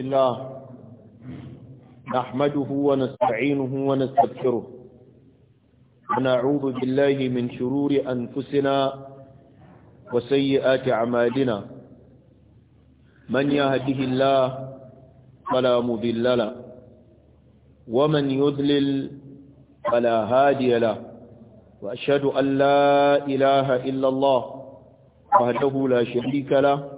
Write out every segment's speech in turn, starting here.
الله نحمده ونستعينه ونستغفره ونعوذ بالله من شرور أنفسنا وسيئات أعمالنا من يهده الله فلا مذل له ومن يذلل فلا هادي له وأشهد أن لا إله إلا الله وهده لا شريك له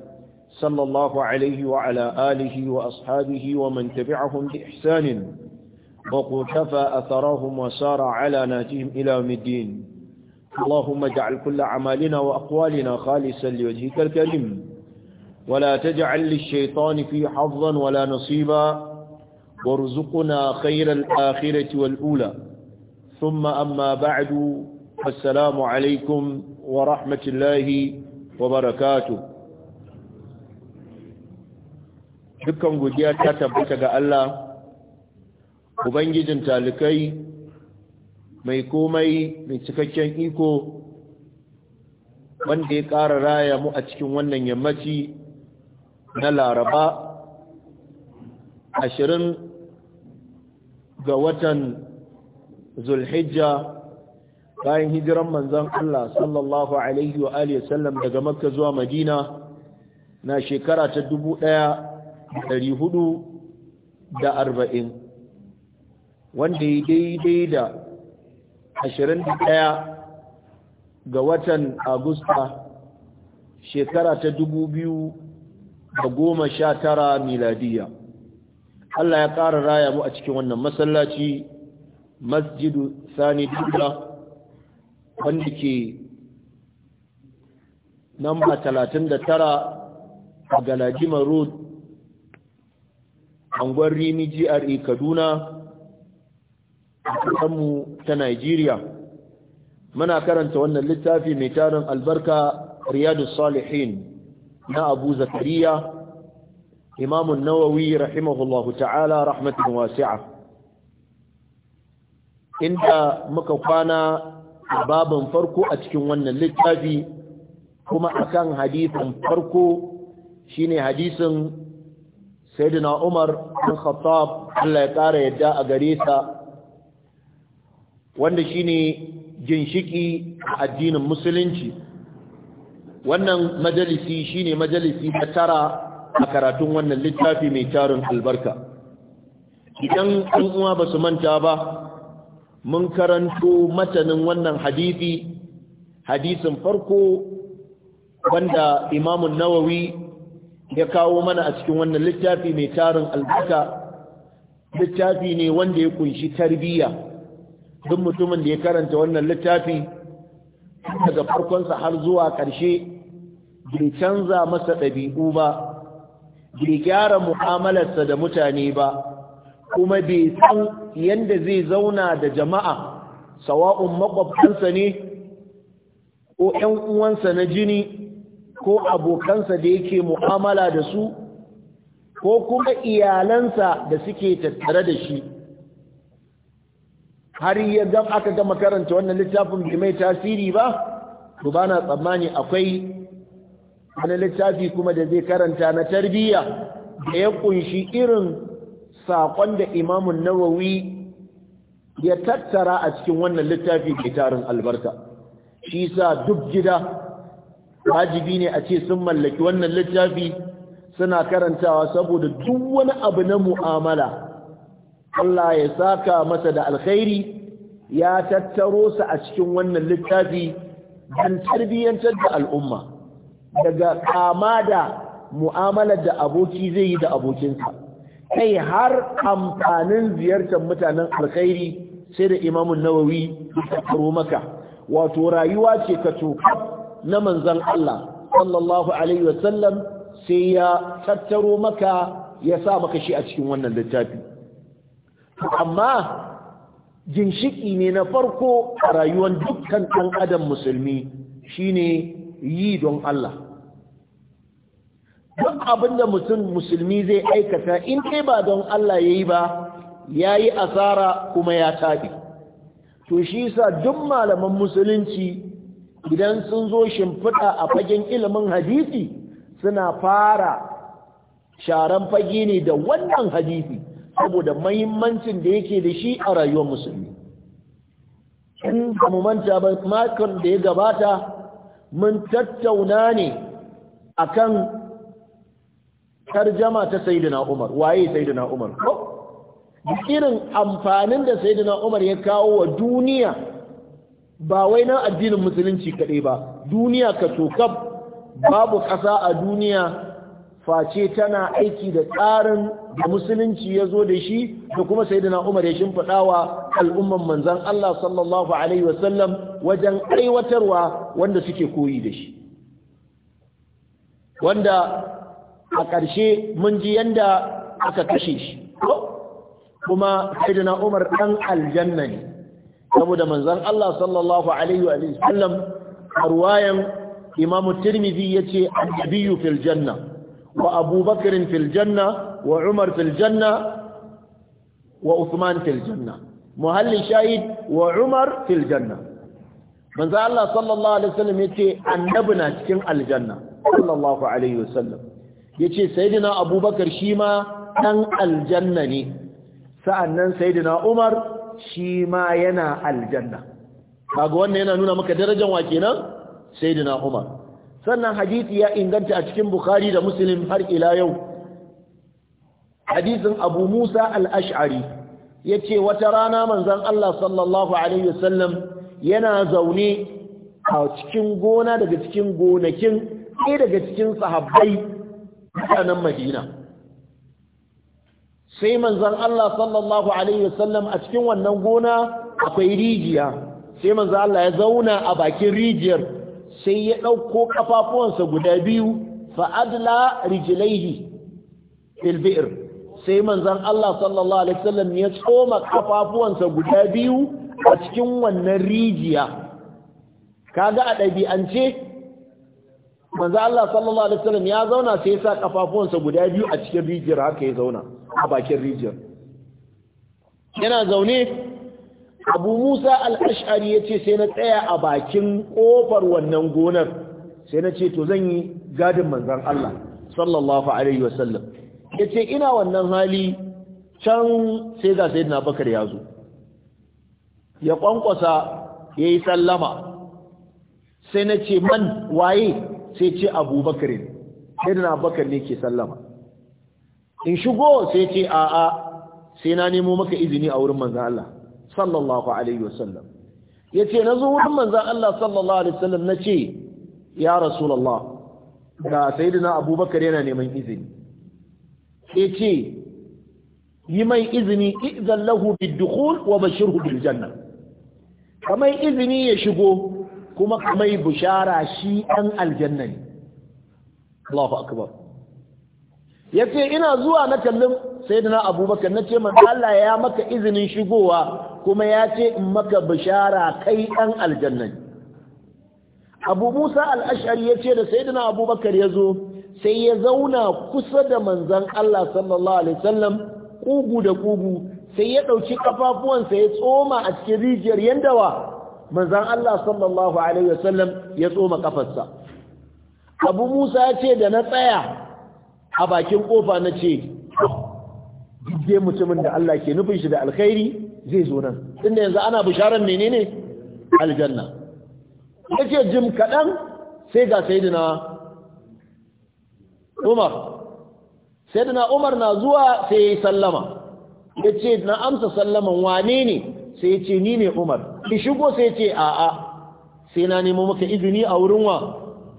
صلى الله عليه وعلى آله وأصحابه ومن تبعهم بإحسان وقتفى أثرهم وسار على ناتهم إلى مدين اللهم اجعل كل عمالنا وأقوالنا خالصا لوجهك الكريم ولا تجعل للشيطان في حظا ولا نصيبا وارزقنا خير الآخرة والأولى ثم أما بعد فالسلام عليكم ورحمة الله وبركاته dukkan godiya ta tabbata ga Allah ubangijin talikai mai komai mai cikakken iko wanda ya ƙara raya mu a cikin wannan yammaci na laraba ashirin ga watan zulhijja bayan hijiran manzan Allah sallallahu alaihi sallam daga makka zuwa madina na shekara ta dubu ɗaya ɗari hudu da arba'in wanda ya daidai da ashirin da ɗaya ga watan agusta shekara ta dubu biyu da goma sha tara miladiya Allah ya ƙara raya mu a cikin wannan masallaci masjidu sani dula wanda ke namba talatin da tara a galajimar road anguwar rimi gra e kaduna a kasanmu ta nigeria muna karanta wannan littafi mai tarin albarka riyadu salihin na abu zakariya imamun nawawi rahimahullahu ta'ala rahmatin wasi'a inda muka kwana babin farko a cikin wannan littafi kuma akan hadisin farko shine hadisin sayyidina Umar bin Khattab Allah ya ƙara yadda a gare sa wanda shine ginshiki addinin musulunci wannan majalisi shine majalisi ta tara a karatun wannan littafi mai tarin albarka idan an uwa ba su manta ba mun karanto matanin wannan hadisi hadisin farko wanda imamun nawawi ya kawo mana a cikin wannan littafi mai tarin albuka littafi ne wanda ya kunshi tarbiyya duk mutumin da ya karanta wannan littafi daga farkonsa har zuwa ƙarshe bai canza masa ɗabi'u ba bai gyara mu'amalarsa da mutane ba kuma bai san yadda zai zauna da jama'a sawa'un makwabtansa ne ko 'yan uwansa na jini ko abokansa da yake mu'amala da su ko kuma iyalansa da suke tattare da shi har ya ga aka gama karanta wannan littafin bai mai tasiri ba to ba na tsammani akwai wani littafi kuma da zai karanta na tarbiyya da ya kunshi irin saƙon da imamun nawawi ya tattara a cikin wannan littafi mai tarin albarka shi sa duk gida wajibi ne a ce sun mallaki wannan littafi suna karantawa saboda duk wani abu na mu'amala Allah ya saka masa da alkhairi ya tattaro su a cikin wannan littafi don tarbiyyantar da al'umma daga kama da mu'amalar da aboki zai yi da abokinsa kai har amfanin ziyartar mutanen alkhairi sai da imamun nawawi ya tattaro maka wato rayuwa ce ka tokar na manzon Allah sallallahu alaihi wasallam sai ya tattaro maka ya sa maka shi a cikin wannan littafi amma ginshiki ne na farko a rayuwar dukkan ɗan adam musulmi shine yi don Allah duk abinda mutum musulmi zai aikata in kai ba don Allah ya yi ba ya yi asara kuma ya taɓi to shi sa duk malaman musulunci idan sun zo shimfiɗa a fagen ilimin hadisi suna fara sharan fage ne da wannan hadisi saboda mahimmancin da yake da shi a rayuwar musulmi in ba mu manta ba makon da ya gabata mun tattauna ne akan tarjama ta sayyidina Umar waye sayyidina Umar irin amfanin da sayyidina Umar ya kawo wa duniya ba wai na addinin musulunci kaɗai ba duniya ka tokab babu ƙasa a duniya face tana aiki da tsarin da musulunci ya zo da shi da kuma sai na umar ya shimfiɗa wa al'umman manzan Allah sallallahu Alaihi wasallam wajen aiwatarwa wanda suke koyi da shi wanda a ƙarshe mun ji yadda aka kashe shi kuma sai na umar ɗan aljanna ne saboda manzon Allah sallallahu alaihi wa sallam ruwayan Imam Tirmidhi yace annabiyyu fil janna wa Abu filjanna wa Umar filjanna wa usman filjanna muhalli shahid wa Umar filjanna janna Allah sallallahu alaihi wa sallam yace annabi na cikin aljanna sallallahu alaihi wa sallam yace sayyidina abubakar shi ma dan aljanna ne sa'annan sayyidina Umar shi ma yana aljanna kaga wannan yana nuna maka darajar wa kenan sayyidina Umar sannan hadisi ya inganta a cikin Bukhari da Muslim har ila yau hadisin Abu Musa al-Ash'ari yace wata rana manzon Allah sallallahu alaihi wasallam yana zaune a cikin gona daga cikin gonakin ɗaya daga cikin sahabbai mutanen Madina sai manzon Allah sallallahu alaihi wasallam a cikin wannan gona akwai rijiya sai manzon Allah ya zauna a bakin rijiyar sai ya dauko kafafuwansa guda biyu fa adla rijlaihi sai manzon Allah sallallahu alaihi wasallam ya tsoma kafafuwansa guda biyu a cikin wannan rijiya ga a ɗabi'ance manzo Allah sallallahu alaihi wasallam ya zauna sai ya sa kafafuwansa guda biyu a cikin rijiyar haka ya zauna a bakin rijiyar yana zaune Abu Musa al-Ash'ari yace sai na tsaya a bakin kofar wannan gonar sai na ce to zan yi gadin manzon Allah sallallahu alaihi wasallam yace ina wannan hali can sai ga sayyidina Bakar ya zo ya kwankwasa yayi sallama sai na ce man waye sai ce abubakar sai da na abubakar ne ke sallama in shigo sai ce a'a sai na nemo maka izini a wurin manzan Allah sallallahu alaihi wasallam ya ce na zo wurin manzan Allah sallallahu alaihi wasallam na ce ya rasulallah ga sayidina abubakar yana neman izini sai ce yi mai izini izan lahu biddukhul wa bashirhu bil kamar izini ya shigo kuma kamai bushara shi ɗan aljanna ne Allahu akbar yace ina zuwa na kallin sayyidina abubakar nace manzo Allah ya maka izinin shigowa kuma ya ce in maka Bushara kai ɗan aljanna ne abu musa al'ashari ya ce da sayyidina abubakar ya zo sai ya zauna kusa da manzan Allah sallallahu alaihi wasallam kugu da kugu sai ya ɗauki ƙafafuwansa ya tsoma a cikin rijiyar yandawa manzan Allah sallallahu alaihi wasallam ya tsoma kafarsa abu musa ya ce da na tsaya a bakin ƙofa na ce dubbe mutumin da Allah ke nufin shi da alkhairi zai zo nan inda yanzu ana bisharar menene aljanna ce jim kaɗan sai ga sayyidina Umar sayyidina Umar na zuwa sai ya yi sallama Ya ce na amsa sallaman wane ne sai ce ni ne umar ki shigo sai ce a'a sai na nemo maka izini a wurin wa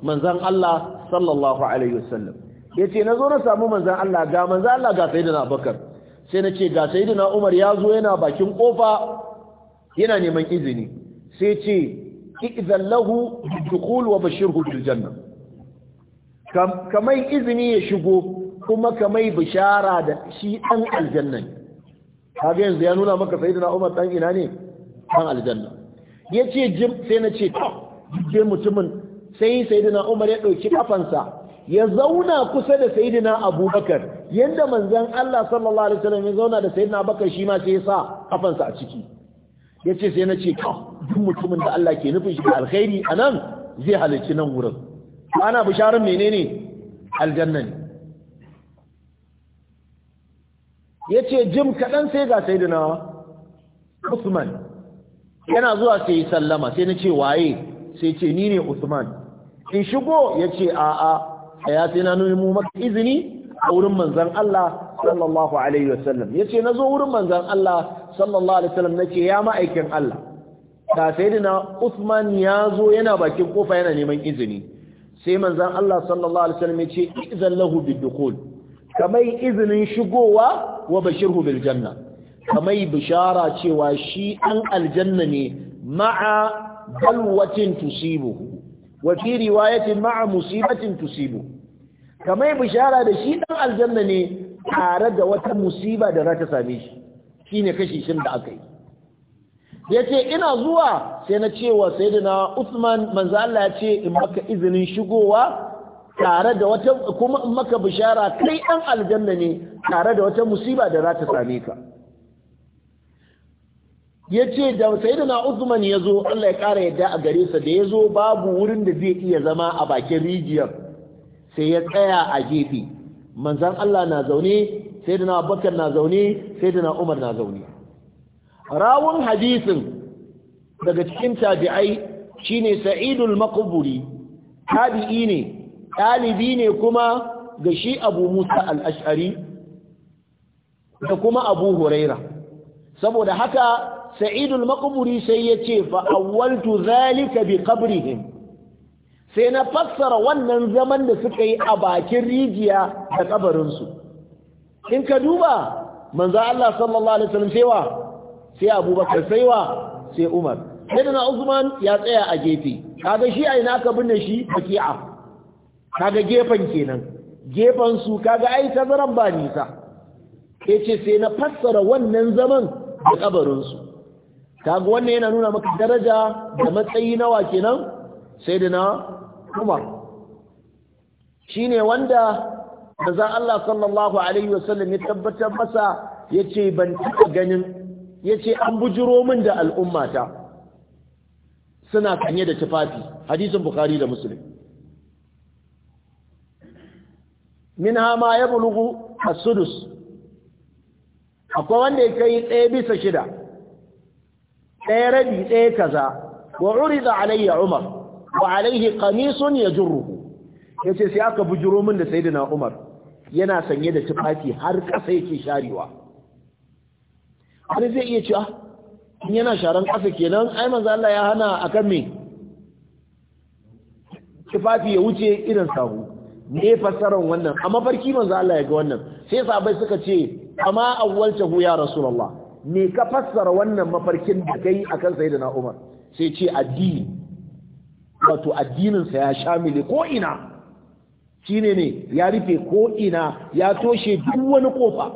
manzan Allah sallallahu alaihi wasallam yace na zo na samu manzan Allah ga manzan Allah ga sayyidina Abubakar sai na ce ga sayyidina Umar ya zo yana bakin kofa yana neman izini sai ce idzan lahu dukhul wa bashirhu bil janna kamai izini ya shigo kuma kamai bishara da shi dan aljanna kaga yanzu ya nuna maka sayyidina Umar dan ina ne dan aljanna yace jim sai na ce to je mutumin sai sayyidina Umar ya dauki kafansa ya zauna kusa da sayyidina Abubakar yanda manzon Allah sallallahu alaihi wasallam ya zauna da sayyidina Abubakar shi ma sai ya sa kafansa a ciki yace sai na ce to duk mutumin da Allah ke nufin shi alkhairi anan zai halicci nan wurin ana bisharar menene aljanna ne ya ce jim kaɗan sai ga sai dina usman yana zuwa sai yi sallama sai na ce waye sai ce ni ne usman in shigo ya ce a'a a ya sai na nuna maka izini a wurin manzan Allah sallallahu alaihi wasallam ya ce na zo wurin manzan Allah sallallahu alaihi wasallam na ce ya ma'aikin Allah ga sai dina usman ya zo yana bakin kofa yana neman izini sai manzan Allah sallallahu alaihi wasallam ya ce izallahu lahu bidukhul kamar izinin shigowa wa bashirhu bil janna kamai bishara cewa shi an aljanna ne ma'a balwatin tusibuhu wa fi riwayatin ma'a musibatin tusibu kamai bishara da shi dan aljanna ne tare da wata musiba da za ta same shi shine kashi shin da aka yi yace ina zuwa sai na cewa sayyidina Uthman manzo Allah ya ce in maka izinin shigowa tare da wata kuma in maka bishara kai ɗan aljanna ne tare da wata musiba da za ta same ka ya ce da sayyidina Uthman ya zo Allah ya ƙara yadda a gare sa da ya zo babu wurin da zai iya zama a bakin rijiyar sai ya tsaya a gefe manzan Allah na zaune sayyidina Abubakar na zaune sayyidina Umar na zaune rawun hadisin daga cikin tabi'ai shine Sa'idul Maqburi tabi'i ne ɗalibi ne kuma ga shi abu musa al'ashari da kuma abu huraira saboda haka sa'idul makaburi sai ya ce fa'awaltu zalika bi qabrihim sai na fassara wannan zaman da suka yi a bakin rijiya da kabarinsu in ka duba manzo Allah sallallahu alaihi wasallam sai wa sai abubakar sai sai umar sai da na usman ya tsaya a gefe kaga shi a ina ka binne shi baki'a kaga gefen kenan gefen su kaga ai tazaran ba nisa yace sai na fassara wannan zaman da kabarin su kaga wannan yana nuna maka daraja da matsayi nawa kenan sayyidina Umar shine wanda manzon Allah sallallahu alaihi wasallam ya tabbatar masa yace ban taɓa ganin yace an bujiro min da al'ummata suna kanye da tufafi hadisin bukhari da muslim minha ma bulugu a sudus akwai wanda ya kai ɗaya bisa shida ɗaya rabi ɗaya kaza wa urida alayya umar wa alayhi jirru. Ya ce sai aka bujuro min da sayyidina umar yana sanye da tufafi har ƙasa yake sharewa wani zai iya cewa in yana sharan ƙasa kenan ai manzo Allah ya hana akan me tufafi ya wuce irin sahu me fasaran wannan a mafarki manzo Allah ya ga wannan sai sahabbai suka ce amma hu ya rasulullah me ka fassara wannan mafarkin da kai akan sayyidina Umar sai ce addini wato addinin sa ya shamile ko ina shine ne ya rufe ko ina ya toshe duk wani kofa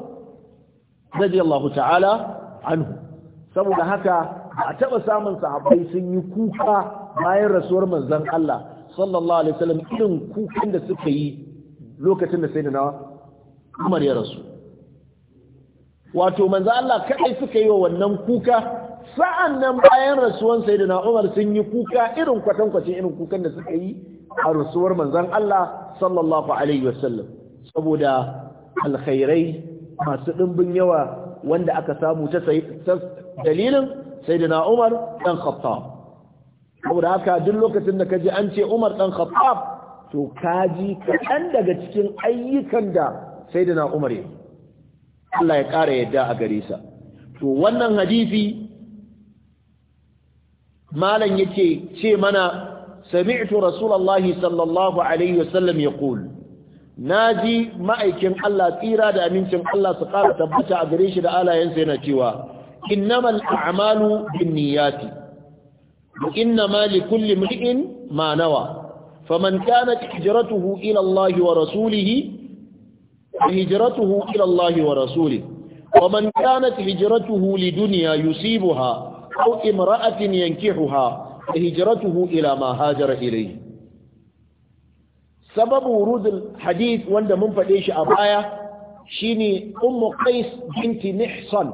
radiyallahu ta'ala anhu saboda haka a taba samun sahabbai sun yi kuka bayan rasuwar manzon Allah sallallahu alaihi wasallam irin kukan da suka yi lokacin da sayyidina Umar ya rasu wato manzo Allah kai suka yi wa wannan kuka sa'an nan bayan rasuwan sayyidina Umar sun yi kuka irin kwatankwacin irin kukan da suka yi a rasuwar manzon Allah sallallahu alaihi wasallam saboda alkhairai masu dimbin yawa wanda aka samu ta dalilin sayyidina Umar dan Khattab saboda haka duk lokacin da ka ji an ce Umar dan Khattab to ji kaɗan daga cikin ayyukan da na Umar ya Allah ya ƙara yadda a gare sa to wannan hadisi malam yake ce mana sami'tu rasulullahi sallallahu alaihi wasallam yaqul naji ma'aikin Allah tsira da amincin Allah su ƙara tabbata a gare shi da alayensa yana cewa innamal a'malu binniyati inna ma li kulli mri'in ma nawa faman kanat hijratuhu ila Allahi wa rasulihi hijratuhu ila Allahi wa rasulihi faman kanat hijratuhu li dunya yusibuha aw imra'atin yankihuha hijratuhu ila ma hajara ilayhi sababu wurud alhadith wanda mun fade shi a baya shine ummu qais binti nihsan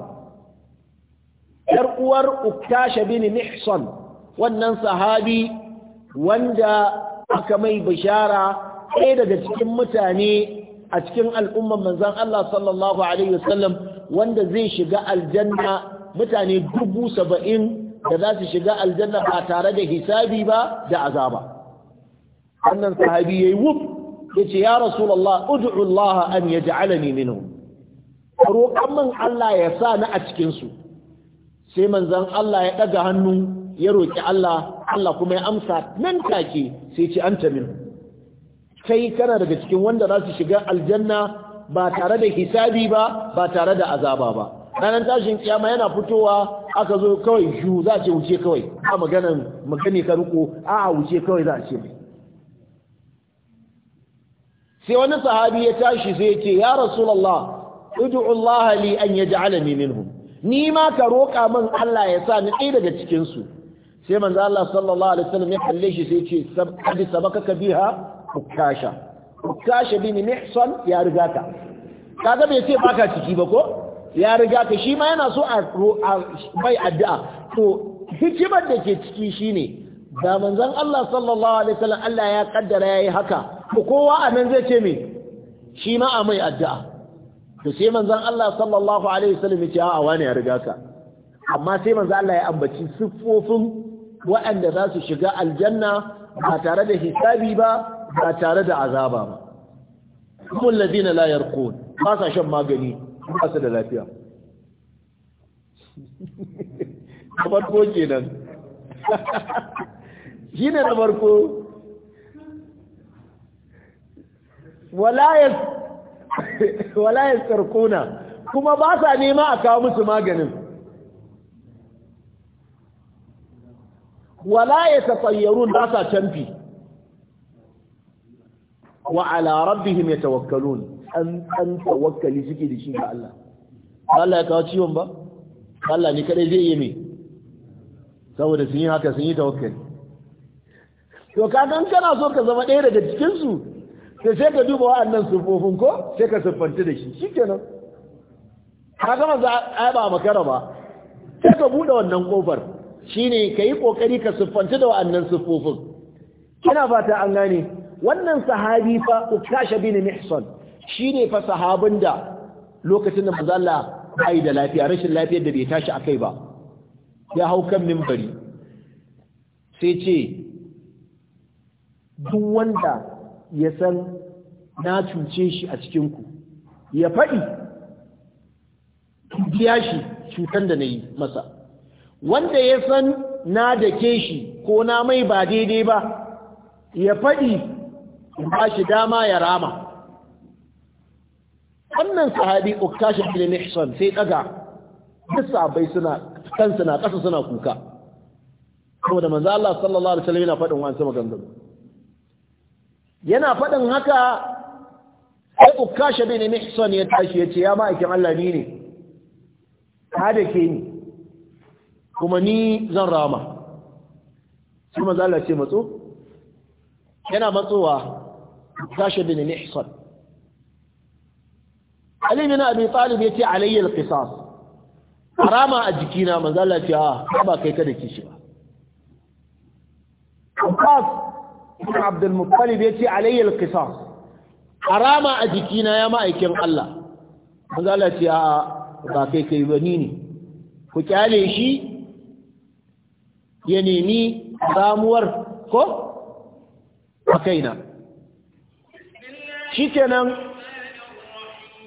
yar uwar uktasha binti nihsan wannan sahabi wanda aka mai bishara ɗaya daga cikin mutane a cikin al'ummar manzan Allah sallallahu Alaihi wasallam wanda zai shiga aljanna mutane dubu saba'in da za su shiga aljanna ba tare da hisabi ba da azaba. Wannan sahabi ya yi wuf ya ce, Ya Rasulallah, Allah, an ya ja'alani minu. Roƙon man Allah ya sa na a cikinsu, sai manzan Allah ya ɗaga hannu ya roƙi Allah Allah kuma ya amsa nan take sai ce anta min kai kana daga cikin wanda za su shiga aljanna ba tare da hisabi ba ba tare da azaba ba ranar tashin kiyama yana fitowa aka zo kawai shu za ce wuce kawai a maganan magani ka riko a wuce kawai za ce mai sai wani sahabi ya tashi sai ya ce ya rasulallah ud'u Allah li an yaj'alani minhum ni ma ka roƙa min Allah ya sa ni ɗaya daga cikinsu. sai manzo Allah sallallahu alaihi wasallam ya kalle shi sai ya ce sabbi sabakaka biha ukasha ukasha bin mihsan ya riga ka kaga bai ce baka ciki ba ko ya riga ka shi ma yana so a bai addu'a to hikimar da ke ciki shine da manzon Allah sallallahu alaihi wasallam Allah ya kaddara yayi haka Kowa a nan zai ce me shi ma a mai addu'a to sai manzon Allah sallallahu alaihi wasallam ya ce a wani ya riga ka amma sai manzon Allah ya ambaci siffofin waɗanda za su shiga aljanna ba tare da hisabi ba ba tare da azaba ba kuma lazina la yarqun ba sa shan magani ba su da lafiya na farko kenan shine na farko wala yas wala yasarquna kuma ba sa nema a kawo musu maganin wala ya tafayyarun da sa canfi wa ala rabbihim yatawakkalun an an tawakkali suke da shi ga Allah Allah ya kawo ciwon ba Allah ne kadai zai yi me saboda sun yi haka sun yi tawakkali to kagan kana so ka zama ɗaya daga cikin su sai sai ka duba wa'annan sufofin ko sai ka siffanta da shi shikenan ka gama za a ba makara ba sai ka buɗe wannan kofar shine ka yi ƙoƙari ka siffanci da wa'annan siffofin ina fata an gane wannan sahabi fa ukasha bin mihsan shine fa sahabin da lokacin da manzo Allah bai da lafiya rashin lafiyar da bai tashi akai ba ya hau kan minbari sai ce duk wanda ya san na cuce shi a cikin ku ya faɗi biya shi cutan da na yi masa wanda ya san na ke shi ko na mai ba daidai ba ya faɗi ba shi dama ya rama wannan sahabi uktashin bin ihsan sai daga duk bai suna kan na ƙasa suna kuka saboda manzan Allah sallallahu alaihi wasallam yana faɗin sama gangan. yana faɗin haka sai uktashi filin ihsan ya tashi ya ce ya ma'aikin Allah ni ne ta da ke ni kuma ni zan rama Su manzo Allah ce matso yana matsowa tashi bin mihsan Ali bin Abi Talib yace alayya al-qisas rama a jikina manzo Allah ce a ah, ba kai kada kishi ba Abbas ibn Abd al ce alayyar alayya al rama a jikina ya ma'aikin Allah manzo Allah ce a ba kai kai ba ni ne ku kyale shi ya nemi ramuwar ko a kaina shi kenan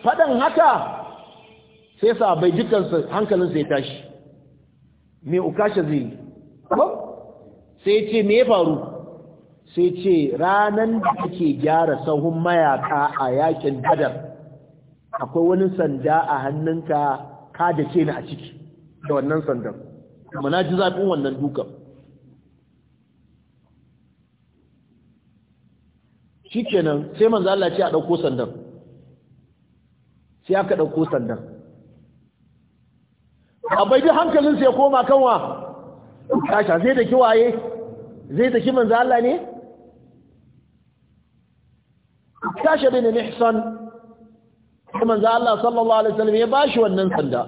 faɗin haka sai sa bai dukansu hankalinsa ya tashi mai ukashe zai yi sai ce me faru sai ce ranar da ke gyara sahun mayaka a yakin dadar akwai wani sanda a hannunka ka da ce ni a ciki da wannan sandan kuma na ji zafin wannan dukan kenan sai manzo Allah ce a dauko sandan sai aka dauko sandan abai duk hankalin sai koma kanwa kasha zai da kiwaye zai da kiman manzo Allah ne kasha bin ihsan manzo Allah sallallahu alaihi wasallam ya bashi wannan sanda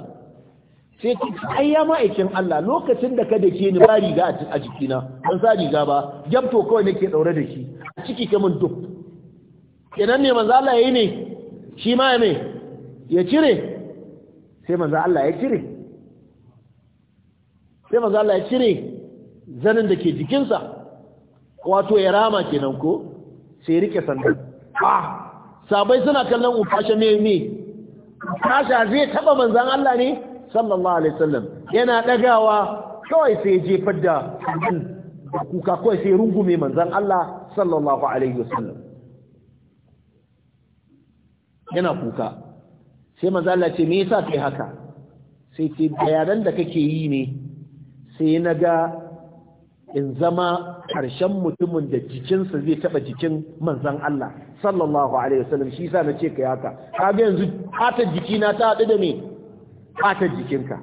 sai ce ai ya ma'aikin Allah lokacin da ka dake ni ba riga a jikina ban sa riga ba gyamto kawai nake daure da shi a ciki mun duk kenan ne manzo Allah yayi ne shi ma me ya cire sai manzo Allah ya cire sai manzo Allah ya cire zanin da ke jikinsa wato ya rama kenan ko sai ya rike sandan ah sabai suna kallon ufashe me me kasha zai taba manzan Allah ne sallallahu alaihi wasallam yana dagawa kawai sai ya jefar da kuka kawai sai rungume manzan Allah sallallahu alaihi wasallam yana kuka sai manzan Allah ce me yasa kai haka sai ce bayanan da kake yi ne sai na ga in zama ƙarshen mutumin da jikinsa zai taɓa jikin manzan Allah sallallahu alaihi wasallam shi sa na ce ka haka kaga yanzu hata jikina ta haɗu da me fatar jikinka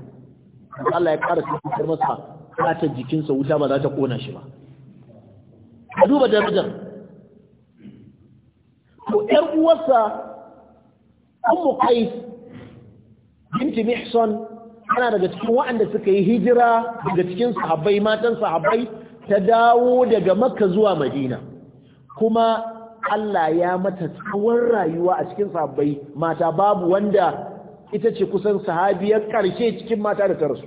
Allah ya ƙara cutar masa fatar jikinsa wuta ba za ta ƙona shi ba a duba darajar to ƴar uwarsa ummu qais binti mihsan ana daga cikin waɗanda suka yi hijira daga cikin sahabbai matan sahabbai ta dawo daga makka zuwa madina kuma Allah ya mata tsawon rayuwa a cikin sahabbai mata babu wanda ita ce kusan sahabiyar karshe cikin mata da ta rasu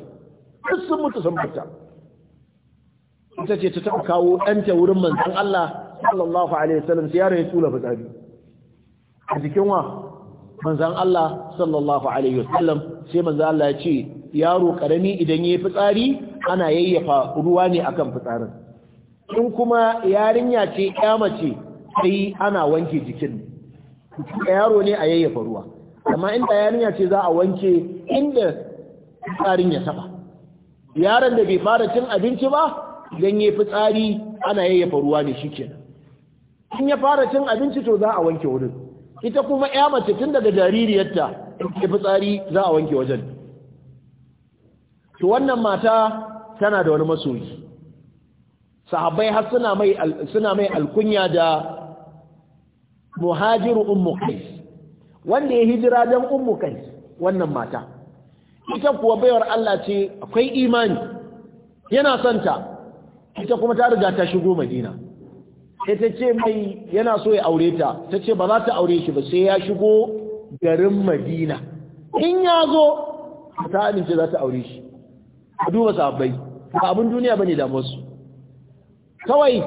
duk sun mutu sun mutu ita ce ta taɓa kawo ɗanta wurin manzon Allah sallallahu alaihi wasallam sai yaron ya tula fitsari a jikin wa manzon Allah sallallahu alaihi wasallam sai manzon Allah ya ce yaro karami idan yayi fitsari ana yayyafa ruwa ne akan fitsarin in kuma yarinya ce ya mace sai ana wanke jikin yaro ne a yayyafa ruwa amma inda yarinya ce za a wanke inda tsarin ya saba yaron da bai fara cin abinci ba idan ya fitsari ana yayyafa ruwa ne kenan in ya fara cin abinci to za a wanke wurin ita kuma ya mace tun daga jaririyarta ya fitsari za a wanke wajen to wannan mata tana da wani masoyi sahabbai har suna mai suna mai alkunya da muhajiru ummu qais wanda ya hijira don ummu kai wannan mata ita kuwa baiwar Allah ce akwai imani yana santa ita kuma ta riga ta shigo madina ita ce mai yana so ya aure ta ta ce ba za ta aure shi ba sai ya shigo garin madina in ya zo ta amince za ta aure shi a duba sabbai ba abin duniya ba ne damarsu kawai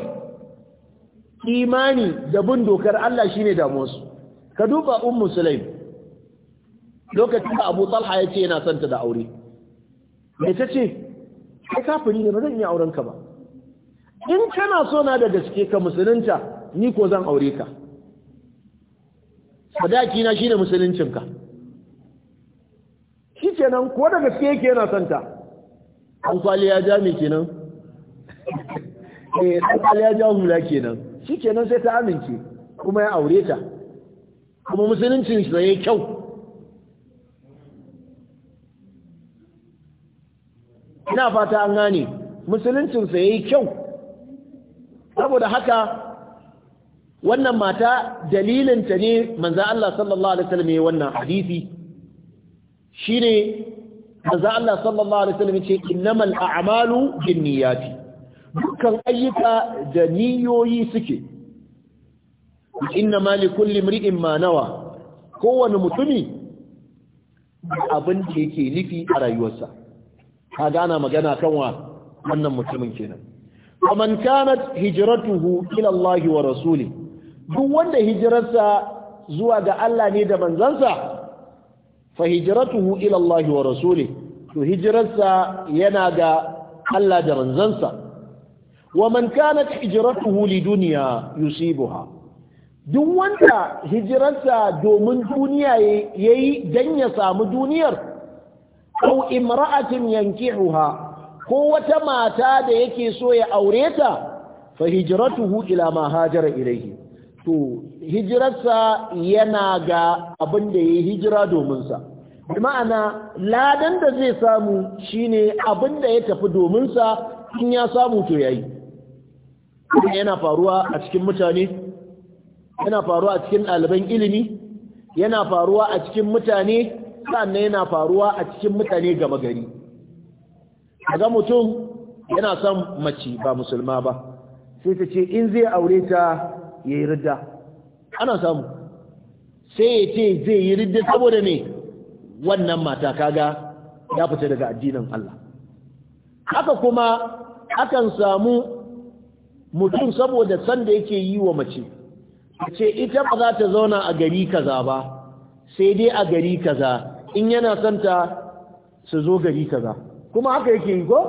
imani da bin dokar Allah shi ne damuwarsu. ka duba ummu sulaim lokacin da abu talha ya ce yana son ta da aure mai ta ce kai kafiri ne ba zan iya auren ka ba in kana so na da gaske ka musulunta ni ko zan aure ka sadaki na shine ka. shi kenan ko da gaske yake yana son ta an kwali ya ja mai kenan eh an kwali ya ja hula kenan shi kenan sai ta amince kuma ya aure ta kuma musuluncin sa ya kyau ina fata an gane musuluncin sa ya kyau saboda haka wannan mata dalilinta ne manzan Allah sallallahu Alaihi wasallam ya wannan hadisi shi ne manzan Allah sallallahu Alaihi wasallam ce innamal a'malu bin niyyati dukkan ayyuka da niyoyi suke inna ma li kulli mri'in ma nawa kowane mutumi abin da yake nufi a rayuwarsa ka gana magana kan wa wannan mutumin kenan faman kanat hijratuhu ila Allah wa rasuli duk wanda hijirarsa zuwa ga Allah ne da manzansa fa hijratuhu ila Allah wa rasuli to hijirarsa yana ga Allah da manzansa wa man kanat hijratuhu li dunya yusibuha duk wanda hijirarsa domin duniya ya yi don ya samu duniyar ko imra'atin yankihuha ko wata mata da yake so ya aure ta fa hijiratuhu ila ma hajara ilaihi to hijirarsa yana ga abin da ya yi hijira dominsa ma'ana ladan da zai samu shine abin da ya tafi dominsa in ya samu to yayi yana faruwa a cikin mutane yana faruwa a cikin ɗaliban ilimi yana faruwa a cikin mutane sannan yana faruwa a cikin mutane gama gari ga mutum yana son mace ba musulma ba sai ta ce in zai aure ta ya yi ridda ana samu sai ya ce zai yi rida saboda ne wannan mata kaga ya fita daga addinin Allah haka kuma akan samu mutum saboda sanda yake yi wa mace ce ita ba za ta zauna a gari kaza ba sai dai a gari kaza in yana son su zo gari kaza kuma haka yake yi ko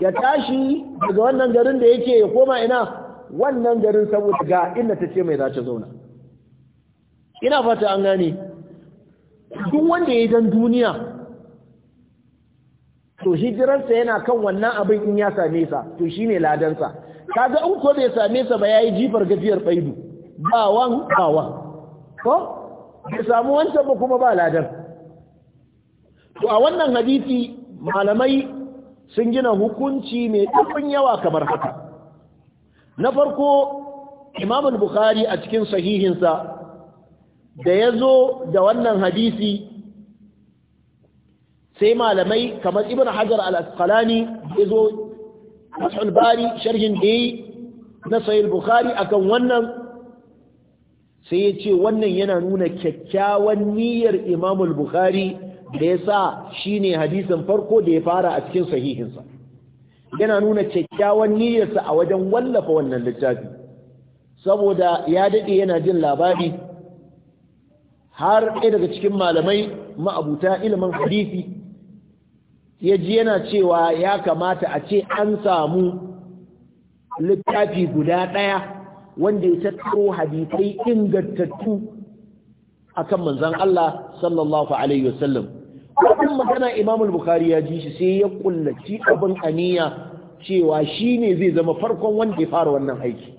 ya tashi daga wannan garin da yake ya koma ina wannan garin saboda ga inda ta ce mai za ta zauna ina fata an gane duk wanda ya dan duniya to hijirarsa yana kan wannan abin in ya same sa to shine ladansa kaga in ko bai same sa ba yayi jifar gajiyar faidu. ba wan ko bai samu wancan ba kuma ba ladan to a wannan hadisi malamai sun gina hukunci mai dukkan yawa kamar haka na farko imam bukhari a cikin sahihinsa da ya zo da wannan hadisi sai malamai kamar ibn hajar al-asqalani ya zo bari sharhin da yi na sahih bukhari akan wannan sai ya ce wannan yana nuna kyakkyawan niyyar imamul bukhari da ya sa shi ne hadisin farko da ya fara a cikin sahihinsa yana nuna kyakkyawan niyyarsa a wajen wallafa wannan littafi saboda ya daɗe yana jin labari har ɗaya daga cikin malamai ma'abuta ilimin hadisi ya ji yana cewa ya kamata a ce an samu littafi guda ɗaya wanda ya tattaro hadisai ingantattu akan manzon Allah sallallahu alaihi wasallam kuma magana Imam al-Bukhari ya ji shi sai ya kullaci abin aniya cewa shine zai zama farkon wanda ya fara wannan aiki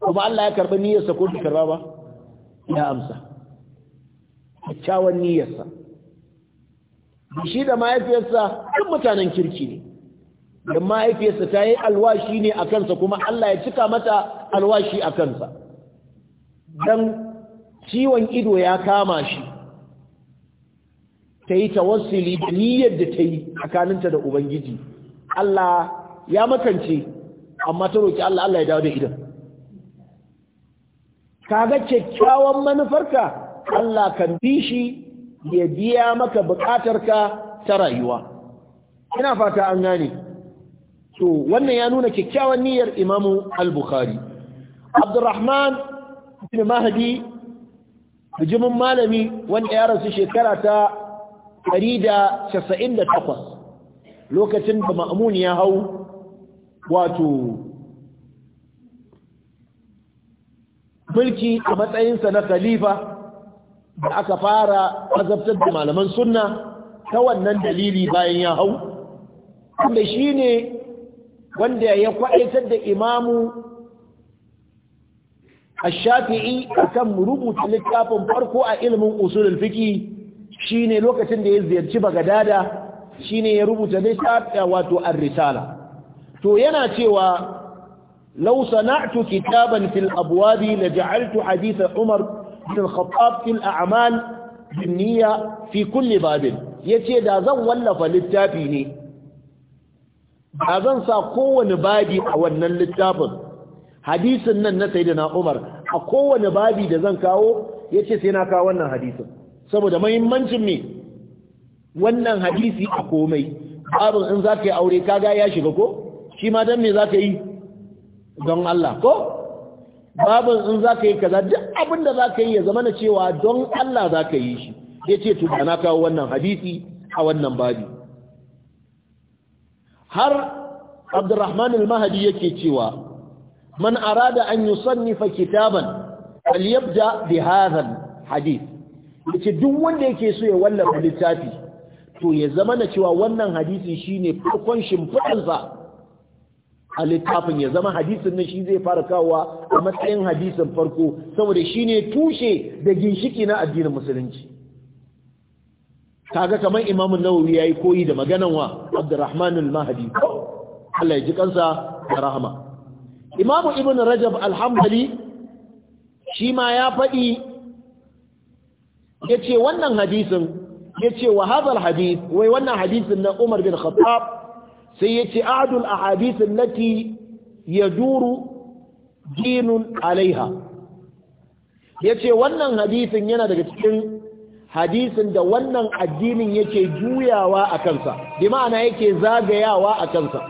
kuma Allah ya karɓi niyyarsa ko bai karba ba ya amsa kyakkyawan niyyarsa shi da mahaifiyarsa duk mutanen kirki ne da mahaifiyarsa ta yi alwashi ne a kansa kuma Allah ya cika mata alwashi a kansa don ciwon ido ya kama shi ta yi tawassili da niyyar da ta yi tsakaninta da Ubangiji Allah ya makance amma ta roƙi Allah Allah ya dawo da idan kaga kyakkyawan manufarka Allah kan bi shi ya biya maka buƙatarka ta rayuwa ina fata an gane to wannan ya nuna kyakkyawan niyyar imamu al-bukhari abdurrahman ibn mahdi bijimin malami wanda ya rasu shekara ta 198 lokacin da ma'amun ya hau wato mulki a matsayinsa na khalifa da aka fara azabtar da malaman sunna ta wannan dalili bayan ya hau wanda shine wanda ya kwaitar da imamu ash-shafi'i akan rubuta littafin farko a ilimin usulul shi shine lokacin da ya ziyarci bagadada shine ya rubuta littafin wato ar-risala to yana cewa law sana'tu kitaban fil la ja'altu hadith umar bin al-khattab fil a'mal binniya fi kulli babin yace da zan wallafa littafi ne ba zan sa kowane babi a wannan littafin hadisin nan na sayyidina Umar a kowane babi da zan kawo yace sai na kawo wannan hadisin saboda muhimmancin me wannan hadisi a komai babin in zaka yi aure kaga ya shiga ko shi ma dan me zaka yi don Allah ko babin in zaka yi kaza duk abin da ka yi ya zama na cewa don Allah za ka yi shi yace to na kawo wannan hadisi a wannan babi har abdurrahman al-mahdi yake cewa man arada an yusannifa kitaban falyabda bi hadha al-hadith yace duk wanda yake so ya wallafa littafi to ya zama na cewa wannan hadisi shine farkon shimfiɗansa a littafin ya zama hadisin nan shi zai fara kawowa a matsayin hadisin farko saboda shine tushe da ginshiki na addinin musulunci kaga kamar Imam an-Nawawi yayi koyi da maganan wa Abdurrahman mahdi Allah ya ji kansa da rahama Imam Ibn Rajab al shima shi ma ya faɗi yace wannan hadisin yace wa hadha hadith wai wannan hadisin na Umar bin Khattab sai yace a'dul ahadith allati yaduru dinun alaiha yace wannan hadisin yana daga cikin hadisin da wannan addinin yake juyawa a kansa bi ma'ana yake zagayawa a kansa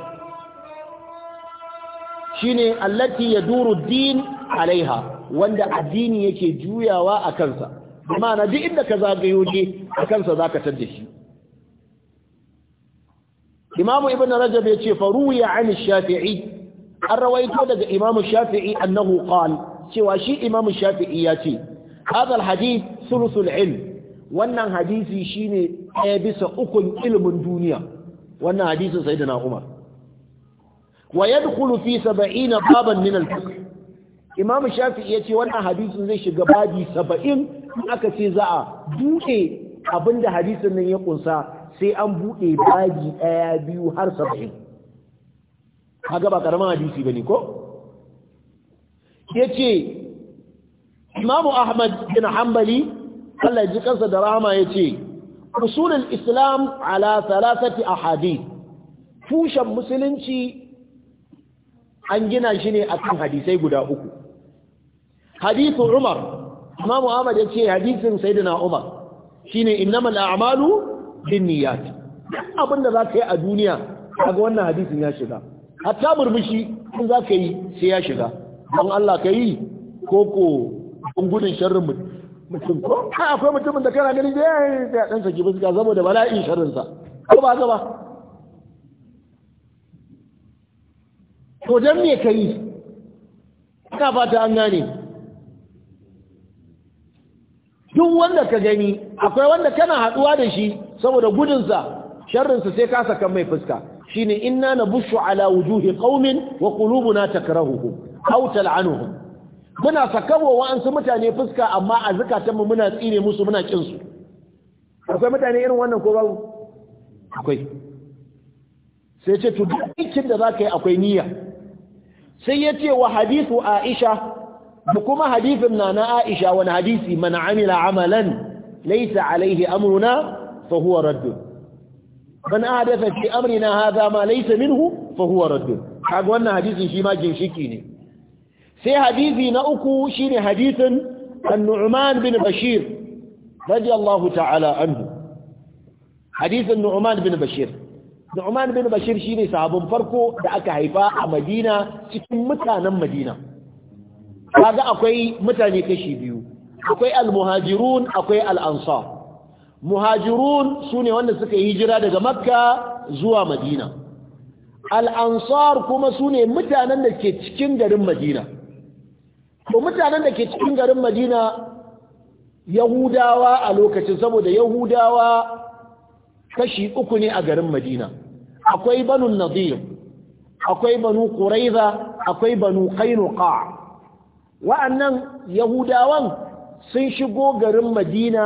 shine allati duru din alaiha wanda addini yake juyawa a kansa bi ma'ana duk inda ka zagayo je a kansa tar da shi imamu Ibn Rajab ya ce faruya an Shafi'i an rawaito daga Imam Shafi'i annahu qala cewa shi Imam Shafi'i ya ce al-hadith sulusul ilm wannan hadisi shine ɗaya bisa ukun ilimin duniya wannan hadisin na Umar wa yadkhulu fi 70 baban min al-fiqh Imam Shafi'i yace wannan hadisin zai shiga babi 70 aka ce za a duke abinda hadisin nan ya kunsa sai an bude babi ɗaya biyu har 70 kaga ba karaman hadisi bane ko yace Imam Ahmad bin Hanbali Allah ya ji kansa da rahama ya ce usulul islam ala a ahadith fushan musulunci an gina shi ne akan hadisai guda uku hadithu umar imam ahmad ya ce hadisin sayyidina umar shine innamal a'malu binniyat abinda za ka yi a duniya kaga wannan hadisin ya shiga hatta murmushi in za ka yi sai ya shiga don Allah ka yi koko don gudun sharrin mutum mutum ko a akwai mutumin da kana ganin yayin da dan saki fuska saboda bala'in sharrin sa ko ba ka ba to dan me kai ka fata an gane duk wanda ka gani akwai wanda kana haduwa da shi saboda gudun sa sharrin sa sai ka saka mai fuska shine inna nabushu ala wujuhi qaumin wa qulubuna takrahuhum aw tal'anuhum muna sakawa wa'ansu mutane fuska amma a mu muna tsire musu muna kinsu akwai mutane irin wannan ko babu akwai sai ce to duk aikin da za ka yi akwai niyya sai ya ce wa hadithu aisha da kuma hadithin na aisha wani hadisi man amila amalan laisa alaihi amruna fa huwa raddun man ahadatha fi amrina hadha ma laisa minhu fa huwa raddun kaga wannan hadisin shi ma ginshiki ne sai hadisi na uku shine hadisin annu'man bin bashir radiyallahu ta'ala anhu hadisin nu'man bin bashir nu'man bin bashir shine sabon farko da aka haifa a madina cikin mutanen madina kaga akwai mutane kashi biyu akwai almuhajirun akwai al'ansar muhajirun sune wanda suka yi hijira daga makka zuwa madina al'ansar kuma sune mutanen da ke cikin garin madina to mutanen da ke cikin garin madina yahudawa a lokacin saboda yahudawa kashi uku ne a garin madina akwai banu nadir akwai banu quraiza akwai banu qainuqa wa'annan yahudawan sun shigo garin madina